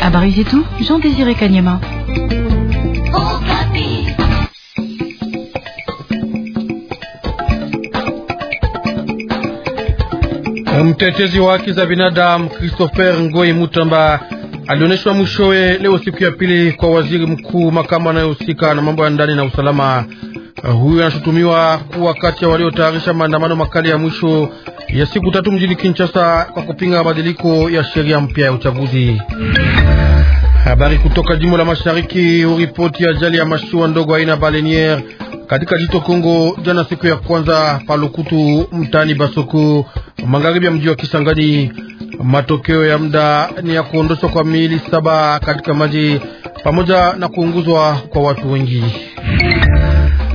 Habari zetu Jean Désiré Kanyama. Mtetezi wa haki za binadamu Christopher Ngoi Mutamba alioneshwa mwishowe leo siku ya pili kwa waziri mkuu, makamu anayehusika na mambo ya ndani na usalama. Ah, huyu anashutumiwa kuwa kati ya waliotayarisha maandamano makali ya mwisho ya siku tatu mjini Kinshasa kwa kupinga mabadiliko ya sheria mpya ya uchaguzi. Habari kutoka jimbo la mashariki huripoti ajali ya mashua ndogo aina baleniere katika jito Kongo jana siku ya kwanza Palukutu mtaani Basoko magharibi ya mji wa Kisangani. Matokeo ya muda ni ya kuondoshwa kwa miili saba katika maji pamoja na kuunguzwa kwa watu wengi.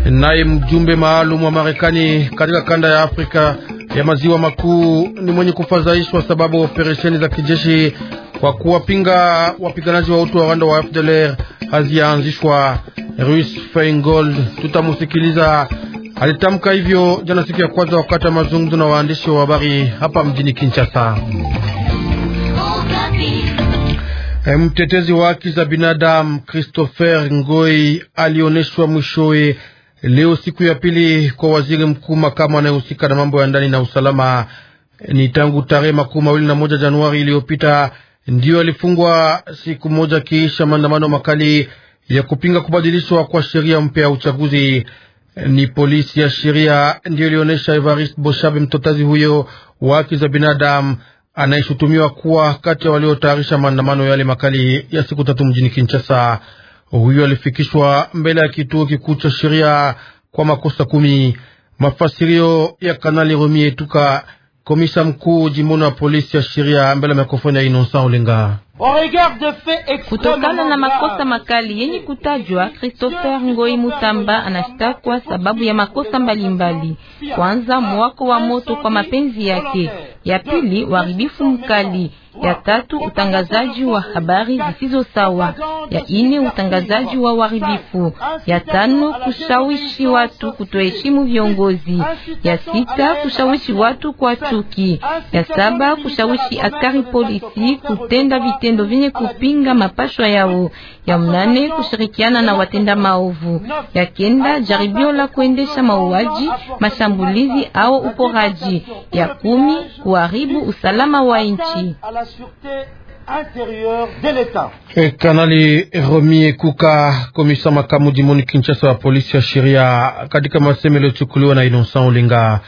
Naye mjumbe maalum wa Marekani katika kanda ya Afrika ya maziwa makuu ni mwenye kufadhaishwa sababu operesheni za kijeshi kwa kuwapinga wapiganaji wa utu wa Rwanda wa FDLR hazianzishwa. Ruiz Feingold, tutamusikiliza alitamka hivyo jana siku ya kwanza wakati wa mazungumzo na waandishi wa habari hapa mjini Kinshasa. Eh, mtetezi wa haki za binadamu Christopher Ngoi alioneshwa mwishowe Leo siku ya pili kwa waziri mkuu makamu anayehusika na mambo ya ndani na usalama. Ni tangu tarehe makumi mawili na moja Januari iliyopita ndiyo alifungwa siku moja kiisha maandamano makali ya kupinga kubadilishwa kwa sheria mpya ya uchaguzi. Ni polisi ya sheria ndiyo ilionyesha Evarist Boshabe, mtotazi huyo wa haki za binadamu anayeshutumiwa kuwa kati ya waliotayarisha maandamano yale makali ya siku tatu mjini Kinshasa. Huyo alifikishwa mbele ya kituo kikuu cha sheria kwa makosa kumi. Mafasirio ya Kanali Romi Etuka, komisa mkuu jimboni wa polisi ya sheria, mbele ya mikrofoni ya Inosa Olenga. Kutokana na makosa makali yenye kutajwa, Christopher Ngoi Mutamba anashtakwa sababu ya makosa mbalimbali. Kwanza, mwako wa moto kwa mapenzi yake; ya pili, uharibifu mkali; ya tatu, utangazaji wa habari zisizo sawa; ya ine, utangazaji wa uharibifu; ya tano, kushawishi watu kutoheshimu viongozi; ya sita, kushawishi watu kwa chuki; ya saba, kushawishi askari polisi kutenda vitu vitendo vyenye kupinga mapashwa yao, ya mnane kushirikiana na watenda maovu, ya kenda jaribio la kuendesha mauaji, mashambulizi au uporaji, ya kumi kuharibu usalama wa nchi. E, Kanali Romi Kuka, komisa makamu jimoni Kinshasa wa polisi ya sheria, katika maseme yaliyochukuliwa na Innocent Olinga,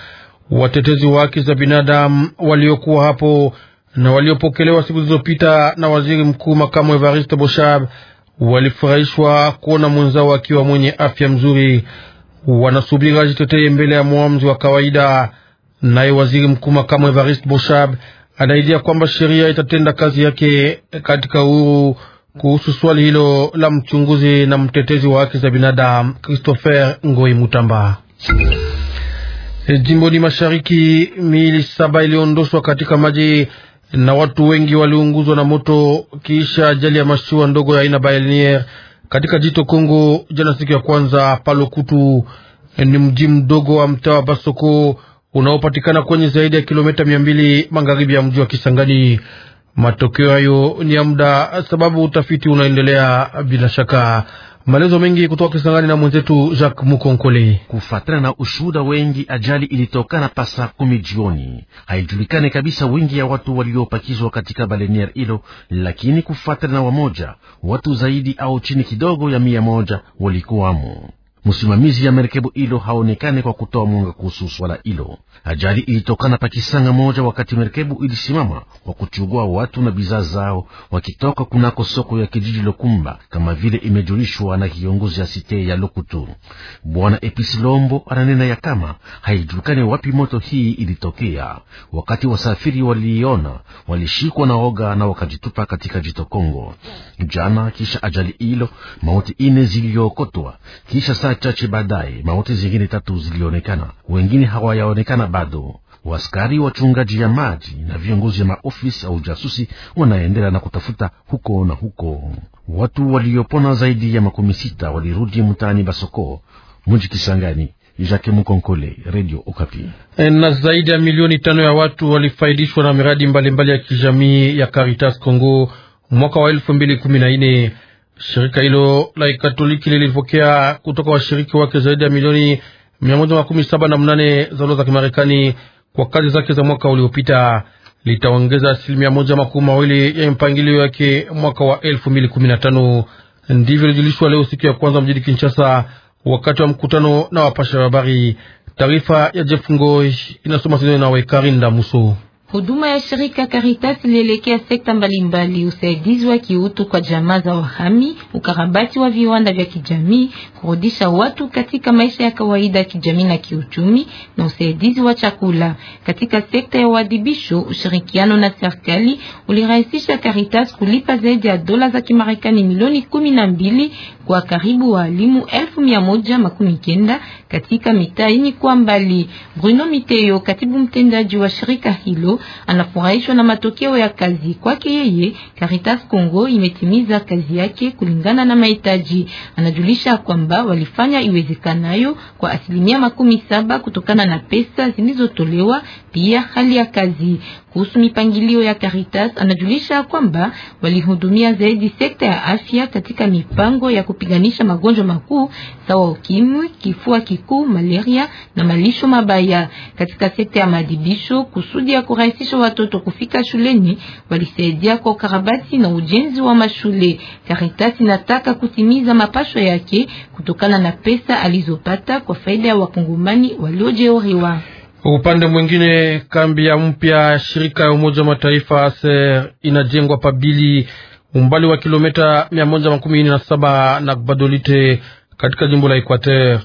watetezi wa haki za binadamu waliokuwa hapo na waliopokelewa siku zilizopita na waziri mkuu makamu Evariste Boshab walifurahishwa kuona mwenzao akiwa mwenye afya mzuri. Wanasubiri ajiteteye mbele ya mwamuzi wa kawaida. Naye waziri mkuu makamu Evariste Boshab anaidia kwamba sheria itatenda kazi yake katika uhuru kuhusu swali hilo la mchunguzi na mtetezi wa haki za binadamu Christopher Ngoi Mutamba. E, jimboni mashariki, miili saba iliondoshwa katika maji na watu wengi waliunguzwa na moto kiisha ajali ya mashua ndogo ya aina Baleniere katika jito Kongo jana siku ya kwanza Palokutu. Ni mji mdogo wa mtaa wa Basoko unaopatikana kwenye zaidi ya kilomita mia mbili magharibi ya mji wa Kisangani. Matokeo hayo ni ya muda, sababu utafiti unaendelea bila shaka. Maelezo mengi kutoka Kisangani na mwenzetu Jacques Mukonkole. Kufatana na ushuhuda wengi, ajali ilitokana pasa kumi jioni. Haijulikane kabisa wingi ya watu waliopakizwa katika balenier hilo, lakini kufatana na wamoja, watu zaidi au chini kidogo ya mia moja walikuwamo msimamizi ya merikebu hilo haonekane kwa kutoa mwanga kuhusu swala hilo. Ajali ilitokana pakisanga moja wakati merikebu ilisimama kwa kuchugua watu na bidhaa zao wakitoka kunako soko ya kijiji Lokumba, kama vile imejulishwa na kiongozi ya site ya Lokutu, Bwana Episi Lombo ananena ya kama haijulikani wapi moto hii ilitokea. Wakati wasafiri waliiona, walishikwa na oga na wakajitupa katika jito Kongo jana, kisha ajali hilo mauti ine ziliyookotwa kisha Saa chache baadaye mauti zingine tatu zilionekana, wengine hawayaonekana bado. Waskari wachungaji ya maji na viongozi ya maofisi au jasusi wanaendelea na kutafuta huko na huko. Watu waliopona zaidi ya makumi sita walirudi mtaani Basoko, mji Kisangani. Jacques Mukonkole, Radio Okapi. Eh, na zaidi ya milioni tano ya watu walifaidishwa na miradi mbalimbali mbali ya kijamii ya Caritas Congo mwaka wa elfu mbili kumi na nne. Shirika hilo la Katoliki lilipokea kutoka washiriki wake zaidi ya milioni mia moja makumi saba na mnane za dola za Kimarekani kwa kazi zake za mwaka uliopita. Litaongeza asilimia moja makumi mawili ya mpangilio yake mwaka wa elfu mbili kumi na tano. Ndivyo ilijulishwa leo siku ya kwanza mjini Kinshasa wakati wa mkutano na wapasha habari. Taarifa ya Jeff Ngoi inasoma Sidoni na Wekarinda Muso. Huduma ya shirika Caritas ilielekea sekta mbalimbali: usaidizi wa kiutu kwa jamaa za wahami, ukarabati wa viwanda vya kijamii, kurudisha watu katika maisha ya kawaida ya kijamii na kiuchumi, na usaidizi wa chakula. Katika sekta ya uadhibisho, ushirikiano na serikali ulirahisisha Caritas kulipa zaidi ya dola za Kimarekani milioni kumi na mbili kwa karibu walimu elfu mia moja makumi kenda katika mitaa yenye kwa mbali. Bruno Miteyo, katibu mtendaji wa shirika hilo anafurahishwa na matokeo ya kazi kwake yeye. Caritas Congo imetimiza kazi yake kulingana na mahitaji. Anajulisha kwamba walifanya iwezekanayo kwa asilimia makumi saba kutokana na pesa zilizotolewa, pia hali ya kazi. Kuhusu mipangilio ya Caritas, anajulisha kwamba walihudumia zaidi sekta ya afya katika mipango ya kupiganisha magonjwa makuu sawa ukimwi, kifua kikuu, malaria na malisho mabaya. Katika sekta ya madibisho, kusudi ya kurahisisha watoto kufika shuleni, walisaidia kwa ukarabati na ujenzi wa mashule. Caritas inataka kutimiza mapasho yake kutokana na pesa alizopata kwa faida ya wakongomani waliojeruhiwa. Upande mwingine, kambi ya mpya shirika ya Umoja wa Mataifa ser inajengwa Pabili, umbali wa kilomita 117 na saba na Gbadolite katika jimbo la Equateur.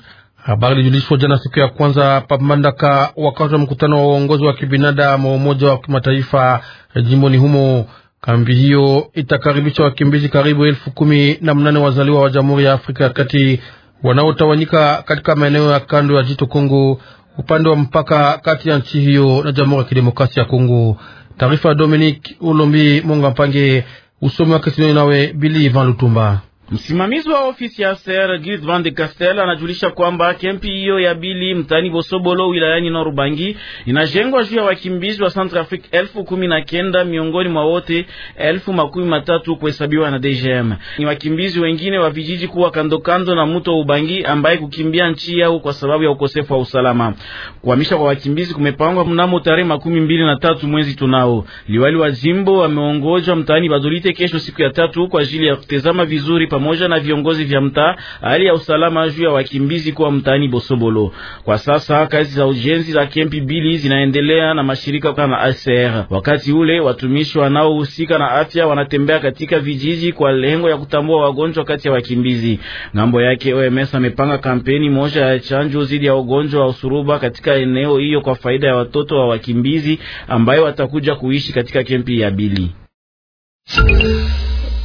Habari ilijulishwa jana siku ya kwanza Pamandaka wakati wa mkutano wa uongozi wa kibinadamu wa Umoja wa Kimataifa eh, jimboni humo. Kambi hiyo itakaribisha wakimbizi karibu elfu kumi na mnane wazaliwa wa Jamhuri ya Afrika ya Kati wanaotawanyika katika maeneo ya kando ya jito Kongo upande wa mpaka kati ya nchi hiyo na Jamhuri ya Kidemokrasia ya Kongo. Taarifa ya Dominique Ulombi Mungampange, usomi wake sinoni nawe Bili Ivan Lutumba. Msimamizi wa ofisi ya ser Gilles Van de Castel anajulisha kwamba kempi hiyo ya Bili mtani Bosobolo wilayani Norubangi inajengwa juu ya wakimbizi wa Centrafrique elfu kumi na kenda miongoni mwa wote elfu makumi matatu kuhesabiwa na DGM. Ni wakimbizi wengine wa vijiji kuwa kandokando na mto Ubangi ambaye kukimbia nchi yao kwa sababu ya ukosefu wa usalama. Kuhamisha kwa wakimbizi kumepangwa mnamo tarehe makumi mbili na tatu mwezi tunao. Liwali wa jimbo ameongozwa mtaani Badolite kesho siku ya tatu kwa ajili ya kutazama vizuri pa pamoja na viongozi vya mtaa hali ya usalama juu ya wakimbizi kuwa mtaani Bosobolo. Kwa sasa kazi za ujenzi za kempi mbili zinaendelea na mashirika kama ACR. Wakati ule watumishi wanaohusika na afya wanatembea katika vijiji kwa lengo ya kutambua wagonjwa kati ya wakimbizi. Ngambo yake OMS amepanga kampeni moja ya chanjo dhidi ya ugonjwa wa usuruba katika eneo hiyo kwa faida ya watoto wa wakimbizi ambayo watakuja kuishi katika kempi ya Bili.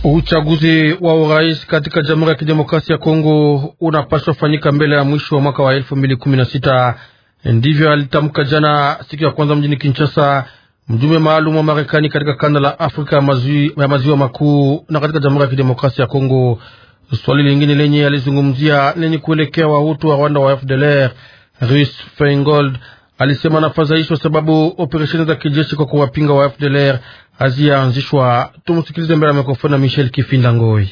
Uchaguzi wa urais katika Jamhuri ya Kidemokrasia ya Kongo unapaswa fanyika mbele ya mwisho wa mwaka wa elfu mbili kumi na sita. Ndivyo alitamka jana siku ya kwanza mjini Kinshasa mjumbe maalum wa Marekani katika kanda la Afrika ya maziwa makuu na katika Jamhuri ya Kidemokrasia ya Kongo. Swali lingine lenye alizungumzia lenye kuelekea wahutu wa Rwanda wa FDLR Rus Feingold alisema anafadhaishwa sababu operesheni za kijeshi kwa kuwapinga wa FDLR haziyaanzishwa. Tumsikilize mbele ya mikrofoni na Michel Kifinda Ngoi.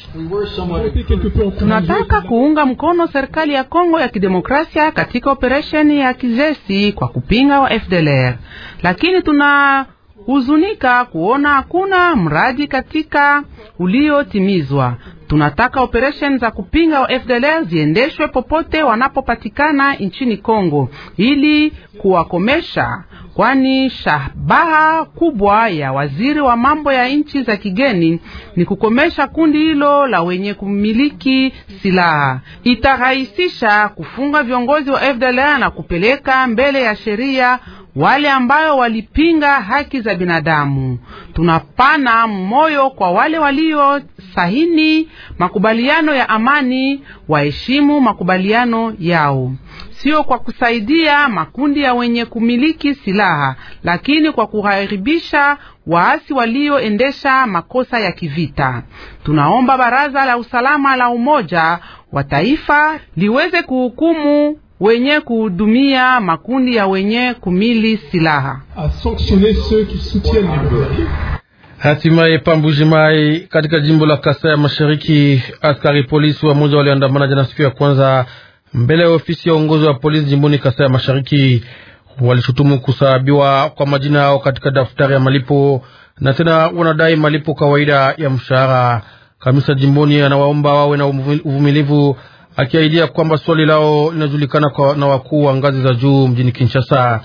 Tunataka kuunga mkono serikali ya Kongo ya Kidemokrasia katika operesheni ya kijeshi kwa kupinga wa FDLR, lakini tuna huzunika kuona hakuna mradi katika uliotimizwa. Tunataka operesheni za kupinga wa FDLR ziendeshwe popote wanapopatikana nchini Kongo ili kuwakomesha, kwani shabaha kubwa ya waziri wa mambo ya nchi za kigeni ni kukomesha kundi hilo la wenye kumiliki silaha. Itarahisisha kufunga viongozi wa FDLR na kupeleka mbele ya sheria wale ambayo walipinga haki za binadamu. Tunapana moyo kwa wale walio sahini makubaliano ya amani, waheshimu makubaliano yao, sio kwa kusaidia makundi ya wenye kumiliki silaha, lakini kwa kuharibisha waasi walioendesha makosa ya kivita. Tunaomba baraza la usalama la Umoja wa Taifa liweze kuhukumu wenye kuhudumia makundi ya wenye kumili silaha. Hatimaye Pambujimai katika jimbo la Kasai ya Mashariki, askari polisi wa moja waliandamana jana siku ya kwanza mbele ya ofisi ya uongozi wa polisi jimboni Kasai ya Mashariki. Walishutumu kusaabiwa kwa majina yao katika daftari ya malipo na tena wanadai malipo kawaida ya mshahara. Kamisa jimboni anawaomba wawe na uvumilivu akiahidia kwamba swali lao linajulikana na wakuu wa ngazi za juu mjini Kinshasa.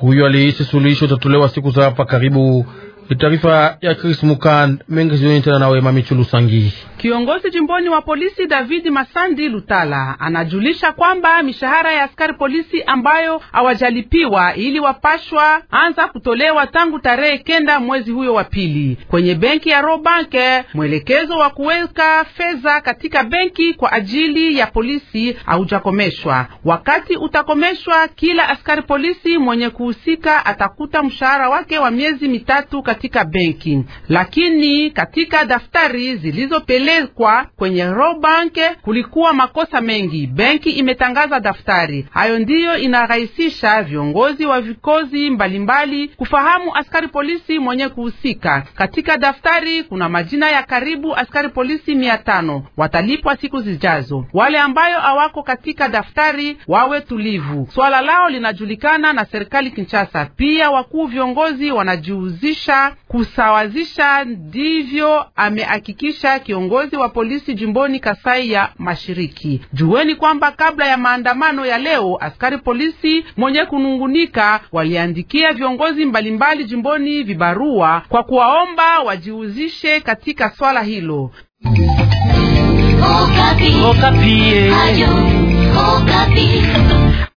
Huyo aliisi suluhisho itatolewa siku za hapa karibu. ni Taarifa ya Chris Mukan mengi zioni tena nawe mamichulu sangi Kiongozi jimboni wa polisi David Masandi Lutala anajulisha kwamba mishahara ya askari polisi ambayo hawajalipiwa ili wapashwa anza kutolewa tangu tarehe kenda mwezi huyo wa pili kwenye benki ya Robanke. Mwelekezo wa kuweka fedha katika benki kwa ajili ya polisi haujakomeshwa. Wakati utakomeshwa, kila askari polisi mwenye kuhusika atakuta mshahara wake wa miezi mitatu katika benki, lakini katika daftari zilizopele kupelekwa kwenye Robank kulikuwa makosa mengi. Benki imetangaza daftari hayo, ndiyo inarahisisha viongozi wa vikozi mbalimbali kufahamu askari polisi mwenye kuhusika katika daftari. Kuna majina ya karibu askari polisi mia tano watalipwa siku zijazo. Wale ambayo hawako katika daftari wawe tulivu, swala lao linajulikana na serikali Kinshasa. Pia wakuu viongozi wanajiuzisha kusawazisha, ndivyo amehakikisha kiongozi kiongozi wa polisi jimboni Kasai ya Mashariki. Jueni kwamba kabla ya maandamano ya leo, askari polisi mwenye kunungunika waliandikia viongozi mbalimbali jimboni vibarua kwa kuwaomba wajiuzishe katika swala hilo. Okapi. Okapi. Okapi.